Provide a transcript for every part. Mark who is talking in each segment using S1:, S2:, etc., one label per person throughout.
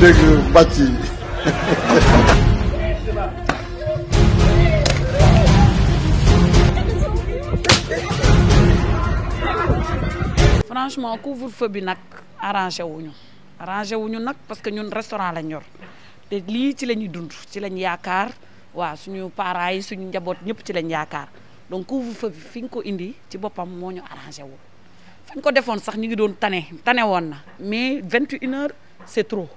S1: dégg bàcc yi
S2: franchement couvre-feu bi nag arrangé wuñu arrangé wuñu nag parce que ñun restaurant lañ yor te lii ci lañuy ñuy dund ci lañ yaakaar waaw suñu parents yi suñu njaboot ñëpp ci lañ yaakaar donc couvre-feu bi fi ñu ko indi ci boppam moo ñu arrangé wu fañ ko defoon sax ñu ngi doon tane tane woon na mais vingt et une heures c'est trop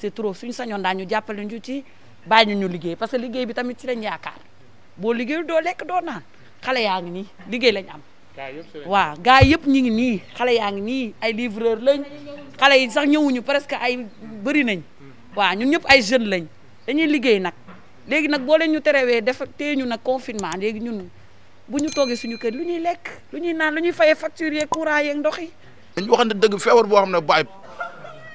S2: c'est trop suñu sañoon daa ñu jàppale ñu ci bàyyi ñu liggéey parce que liggéey bi tamit ci lañ yaakaar boo liggéey doo lekk doo naan xale yaa ngi nii liggéey lañ am. waaw gars yëpp ñu ngi nii xale yaa ngi nii ay livreur lañ xale yi sax ñëwuñu presque ay bëri nañ waaw ñun ñëpp ay jeunes lañ dañuy liggéey nag léegi nag boo leen ñu terewee def tee ñu nag confinement léegi ñun
S1: bu ñu toogee suñu kër lu ñuy lekk lu ñuy naan lu ñuy fayee facture yeeg courant yeeg ndox yi. dañu waxante dëgg feebar boo xam ne bàyyi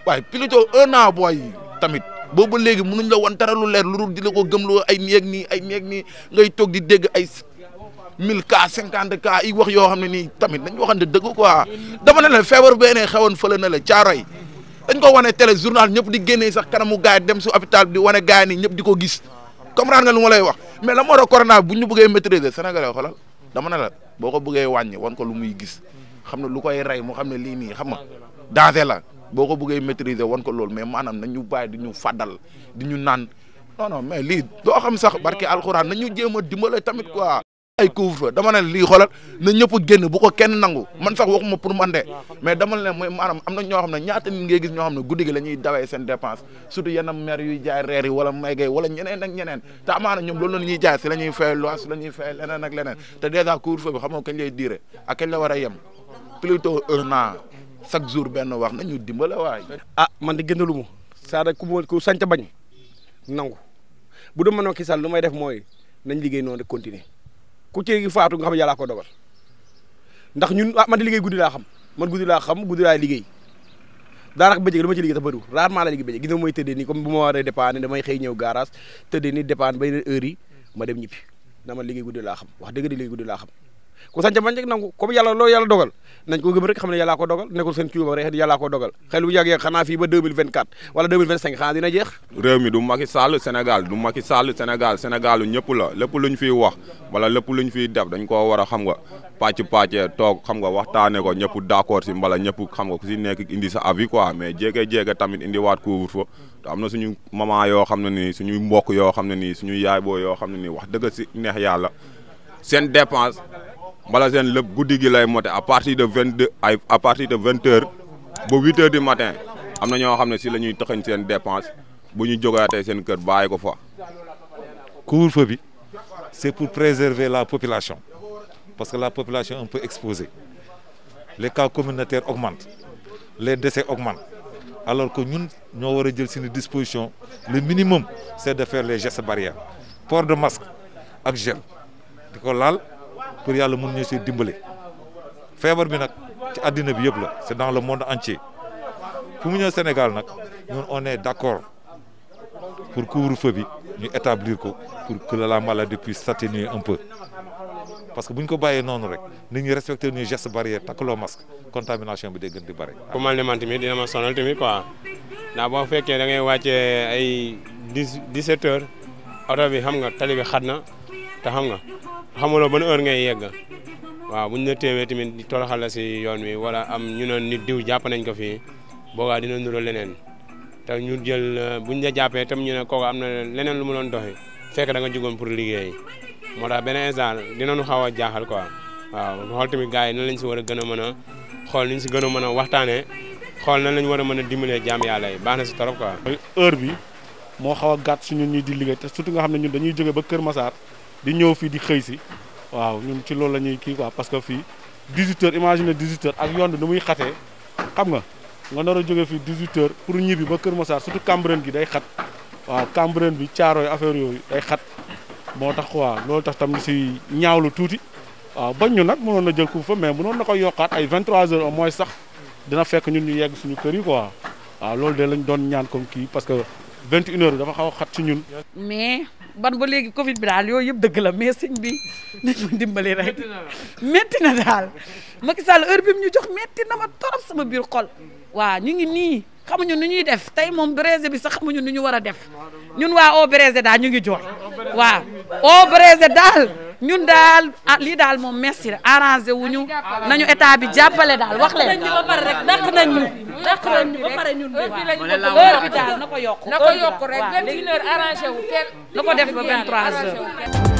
S1: waaye plutôt un an booy yi tamit boobu léegi mënuñ la wan dara lu leer lu dul di la ko ay néeg ni ay néeg nii ngay toog di dégg ay mille cas cinquante cas yi wax yoo xam ne nii tamit dañ waxante dëgg quoi dama ne la feebar beneen xewoon fële na la caaroy dañ ko wane télé journal ñëpp di génnee sax kanamu gaay dem su hôpital bi di wane gaay nii ñëpp di ko gis comprendre nga lu ma lay wax mais la moo doon corona bu ñu bëggee maîtriser Sénégalais xoolal dama la boo ko bëggee wàññi wan ko lu muy gis xam ne lu koy rey mu xam ne lii nii xam nga la boo ko bëggee maîtriser wan ko loolu mais maanaam nañ ñu bàyyi di ñu fàddal di ñu naan non non mais lii doo xam sax barke alxuraan nañ ñu jéem a dimbale tamit quoi. ay couvre-feu dama ne lii xoolal na ñëpp génn bu ko kenn nangu man sax waxuma pour man de mais dama ne mooy maanaam am na ñoo xam ne ñaata nit ngay gis ñoo xam ne guddi gi la ñuy dawee seen dépense surtout yenn maire yuy jaay reer yi wala maygay wala ñeneen ak ñeneen te amaana ñoom loolu la ñuy jaay si la ñuy lois si leneen ak leneen te dèjà couvre la war a chaque jour benn wax na ñu dimbale waay. ah man de gënalu ma saa ku ma ku sànq bañ nangu bu dee ki kisal lu may def mooy nañ liggéey noonu rek continuer ku ci faatu nga xam yàllaa ko dogal ndax ñun a ah, man di liggéey guddi laa xam man guddi laa xam guddi laa liggéey. daanaka bëccëg dama ci liggéey sax bëriwul rarement la liggéey bëccëg gis mooy tëddee comme bu ma waree dépanne damay xëy ñëw garage tëddee nii dépanne bay heure yi ma dem ñibbi dama liggéey guddi laa xam wax dëgg di liggéey guddi laa ku sanc bañ rek nangu comme yàlla loo yàlla dogal nañ ko gëm rek xam ne yàllaa ko dogal nekkul seen cuuba rek yàllaa ko dogal xel bu yàggee xanaa fii ba 2024 wala 2025 xanaa dina jeex réew mi du Macky Sall Sénégal du Macky Sall Sénégal Sénégal u ñëpp la lépp luñ fiy wax wala lépp luñ fiy def dañ koo war a xam nga pàcc pàccee toog xam nga waxtaane ko ñëpp d'accord si mbala ñëpp xam nga ku si nekk indi sa avis quoi mais jékkee jékkee tamit indi waat couvre-feu te am na suñu maman yoo xam ne nii suñuy mbokk yoo xam ne nii suñuy yaay boo yoo xam ne nii wax dëgg si neex yàlla seen dépense Mbalajane lépp guddi gi lay mote à partir de vingt deux ay à de vingt heures ba huit heures du matin am na ñoo xam ne si la ñuy taxañ seen dépense bu ñu jógaatee seen kër bàyyi ko fa. couvre-feu bi c'est pour préserver la population parce que la population est un peu exposée les cas communautaires augmentent les décès augmentent alors que ñun ñoo war a jël suñu disposition le minimum c'est de faire les gestes barrières port de masque ak gel di ko laal. pour yàlla mun ñu si dimbale feebar bi nag ci àddina bi yëpp la c' est dans le monde entier fu mu ñëw Sénégal nag ñun on est d' accord pour couvre-feu bi ñu établir ko pour que la maladie puisse s'atténuer un peu parce que bu ko bàyyee noonu rek nit ñi respecté ñu geste barrière loo masque contamination bi day gën di bare. ku mal ne man tamit dina ma sonal tamit quoi ndax boo fekkee da ngay wàccee ay dix dix-sept heures oto bi xam nga tali bi xat na te xam nga. xamuloo ban heure ngay yegg waaw bu ñu la téewee tamit di toroxal la si yoon wi wala am ñu ne nit diw jàpp nañ ko fii boobaa dina nuroo leneen te ñu jël euh, bu ñu jàppee tam ñu ne kooku am na leneen lu mu doon doxi fekk da nga jugoon pour liggéey moo tax benn instant dinañu xaw a jaaxal quoi waaw xool tamit gars yi nan lañ si war a gën a mën a xool niñ si gën a mën a waxtaanee xool nan lañ war a mën a dimbalee jaam yàlla yi baax si trop bi moo xaw a gàtt ñu ñuy di liggéey te surtout nga xam ne ñun dañuy jóge ba Kër Massar di ñëw fii di xëy si waaw ñun ci loolu la ñuy kii quoi parce que fii 18 heures imagine 18 heures ak yoon bi muy xatee xam nga nga nar a jóge fii 18 heures pour ñibbi ba Kër Massar surtout Cambérène gi day xat waaw Cambérène bi caaro caarooy affaire yooyu day xat moo tax quoi loolu tax tam si ñaawlu tuuti waaw bañ ñu nag mënoon na jël coup fa mais mënoon na ko yokkaat ay 23 heures au moins sax dina fekk ñun ñu yegg suñu kër yi quoi waaw loolu de lañ doon ñaan comme parce que vingt une heure dafa xaw a xat ci ñun.
S2: mais ban ba léegi Covid bi daal yooyu yëpp dëgg la mais sëñ bi nañ ma dimbali rek métti na daal Macky Sall heure bi mu ñu jox metti na ma torop sama biir xol waaw ñu ngi nii xamuñu nu ñuy def tey moom braise bi sax xamuñu nu ñu war a def ñun waa au braise daal ñu ngi jooy daal. ñun daal ah, lii daal moom merci la arrangé wuñu nañu état bi jàppale daal wax leen. ba pare rek dàq nañ ñu. dàq nañ ñu ñun bi waaw na ko yokk. na ko yokk rek 21 heures arrangé wu kenn.
S1: na ko def ba 23
S2: heures.